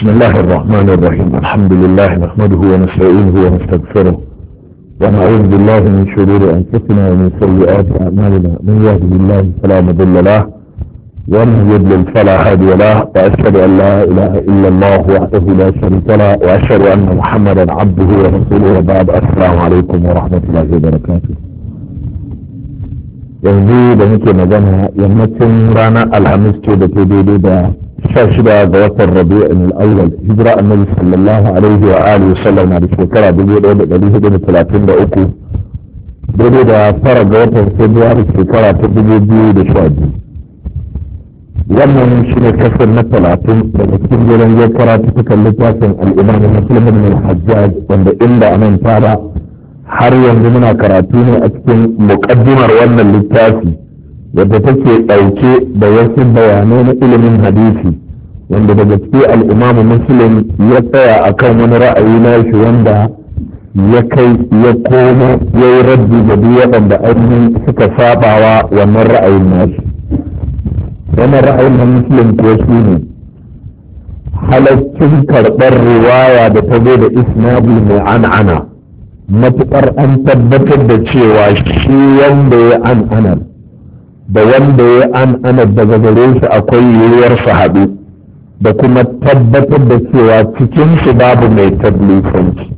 بسم الله الرحمن الرحيم الحمد لله نحمده ونستعينه ونستغفره ونعوذ بالله من شرور انفسنا ومن سيئات اعمالنا من يهد الله فلا مضل له ومن يضلل فلا هادي له واشهد ان لا اله الا الله وحده لا شريك له واشهد ان محمدا عبده ورسوله وبعد السلام عليكم ورحمه الله وبركاته يهدي بنك مدنها يمتن رانا الحمد لله 16 ga watan rabi'in al'awal hijira annabi sallallahu alaihi wa alihi sallam na da shekara 1433 daidai da fara ga watan februari shekara ta 2012 wannan shi ne kasar na 30 daga cikin gidan yankara ta fi kalli tashin al'imar musulman mai hajjaj wanda inda a nan tara har yanzu muna karatu ne a cikin mukaddimar wannan littafi yadda take ɗauke da wasu bayanai na ilimin hadisi wanda daga cikin al'imamu muslim ya tsaya a kan wani ra'ayi na shi wanda ya kai ya koma ya yi raddi da duk waɗanda ainihin suka sabawa wannan ra'ayin shi. wannan ra'ayin na muslim ko shi ne halaccin karɓar riwaya da ta zo da isnadi mai an'ana matuƙar an tabbatar da cewa shi wanda ya an'anar da wanda ya an ana daga gare su akwai yiwuwar su haɗu da kuma tabbatar da cewa cikinsu babu mai tablifanci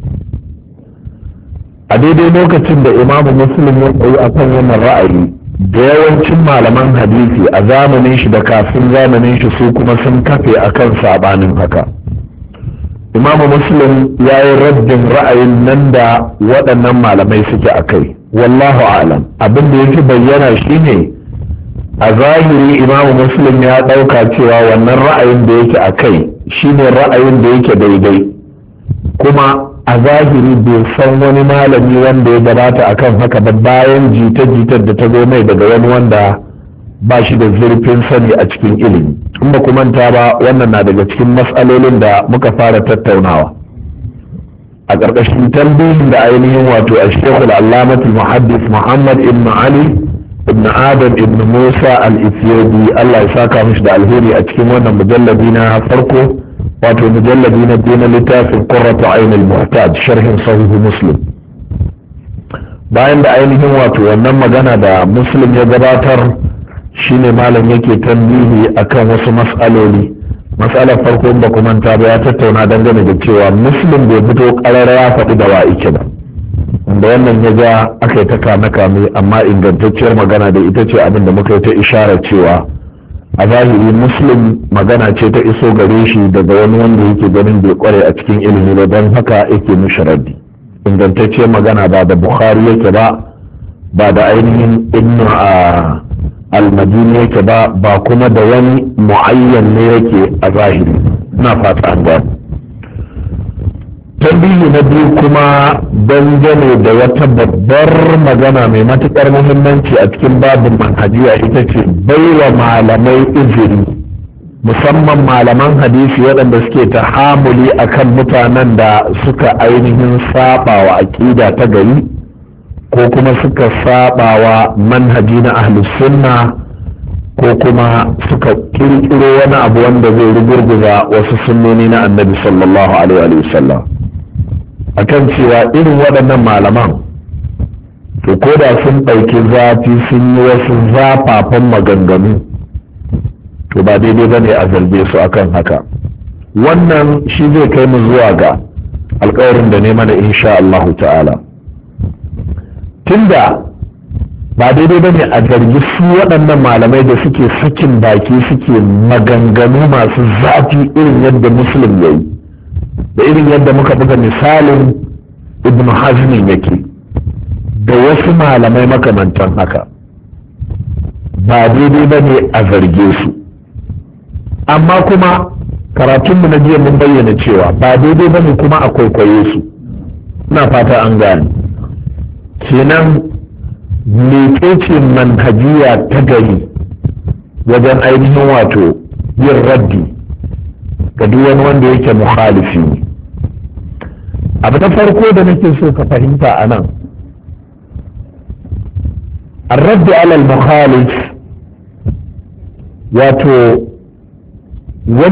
a daidai lokacin da imamu muslim ya tsayi a kan wannan ra'ayi da yawancin malaman hadisi a zamanin shi da kafin zamanin shi su kuma sun kafe a kan sabanin haka imamu muslim ya yi raddin ra'ayin nan da waɗannan malamai suke a kai wallahu alam abin da fi bayyana shine a zahiri imamu muslim ya ɗauka cewa wannan ra'ayin da yake a kai shine ra'ayin da yake daidai kuma a zahiri bai san wani malami wanda ya gabata akan haka ba bayan jita-jitar da ta zo mai daga wani wanda ba shi da zurfin sani a cikin ilimi in ba manta ba wannan na daga cikin matsalolin da muka fara tattaunawa a ƙarƙashin tambayin da ainihin wato a shekul allamatul muhaddis muhammad ibn ali ibn adam ibn musa al-ethiopi allah ya saka mishi da alheri a cikin wannan mujallabi na farko wato mujallabi na biyu na littafin qurratu ainul muhtaj sharhin sahihu muslim bayan da ainihin wato wannan magana da muslim ya gabatar shine malam yake tambihi akan wasu mas'aloli matsalar farko ba kuma ta ba ya tattauna dangane da cewa muslim bai fito ƙararra ya faɗi da wa'iki ba da wannan ya ga aka yi ta kame-kame amma ingantacciyar magana da ita ce abin da muka yi ta ishara cewa a zahiri muslim magana ce ta iso gare shi daga wani wanda yake ganin bai kware a cikin ilimi ba don haka yake mishi raddi ingantacciyar magana ba da bukhari yake ba ba da ainihin inna a almadini yake ba ba kuma da wani mu'ayyan ne yake a zahiri na fata an gani biyu na biyu kuma dangane da wata babbar magana mai matuƙar muhimmanci a cikin babin manhajiya ita ce baiwa malamai izini musamman malaman hadisi waɗanda suke ta hamuli a kan mutanen da suka ainihin saɓawa aƙida ta gari ko kuma suka saɓawa manhaji na ahlus sunna ko kuma suka ƙirƙiro wani abu wanda zai rugurguza wasu sunnoni na annabi sallallahu alaihi wasallam akan cewa irin waɗannan malaman to ko da sun ɗauki zafi sun yi wasu zafafan maganganu to ba daidai ba ne a zarge su akan haka wannan shi zai kai mu zuwa ga alkawarin da ne mana insha Allahu ta'ala tunda ba daidai ba ne a zargi su waɗannan malamai da suke sakin baki suke maganganu masu zafi irin yadda musulun ya yi da irin yadda muka buga misalin ibn hazmin yake da wasu malamai makamantan haka ba daidai ba ne a zarge su amma kuma karatunmu na jiya mun bayyana cewa ba daidai ba ne kuma a kwaikwaye su na fata an gane kenan mecece manhajiya ta gari wajen ainihin wato yin raddi ga duk wani wanda yake muhalifi ne abu na farko da nake so ka fahimta a nan arraddi alal mukhalif wato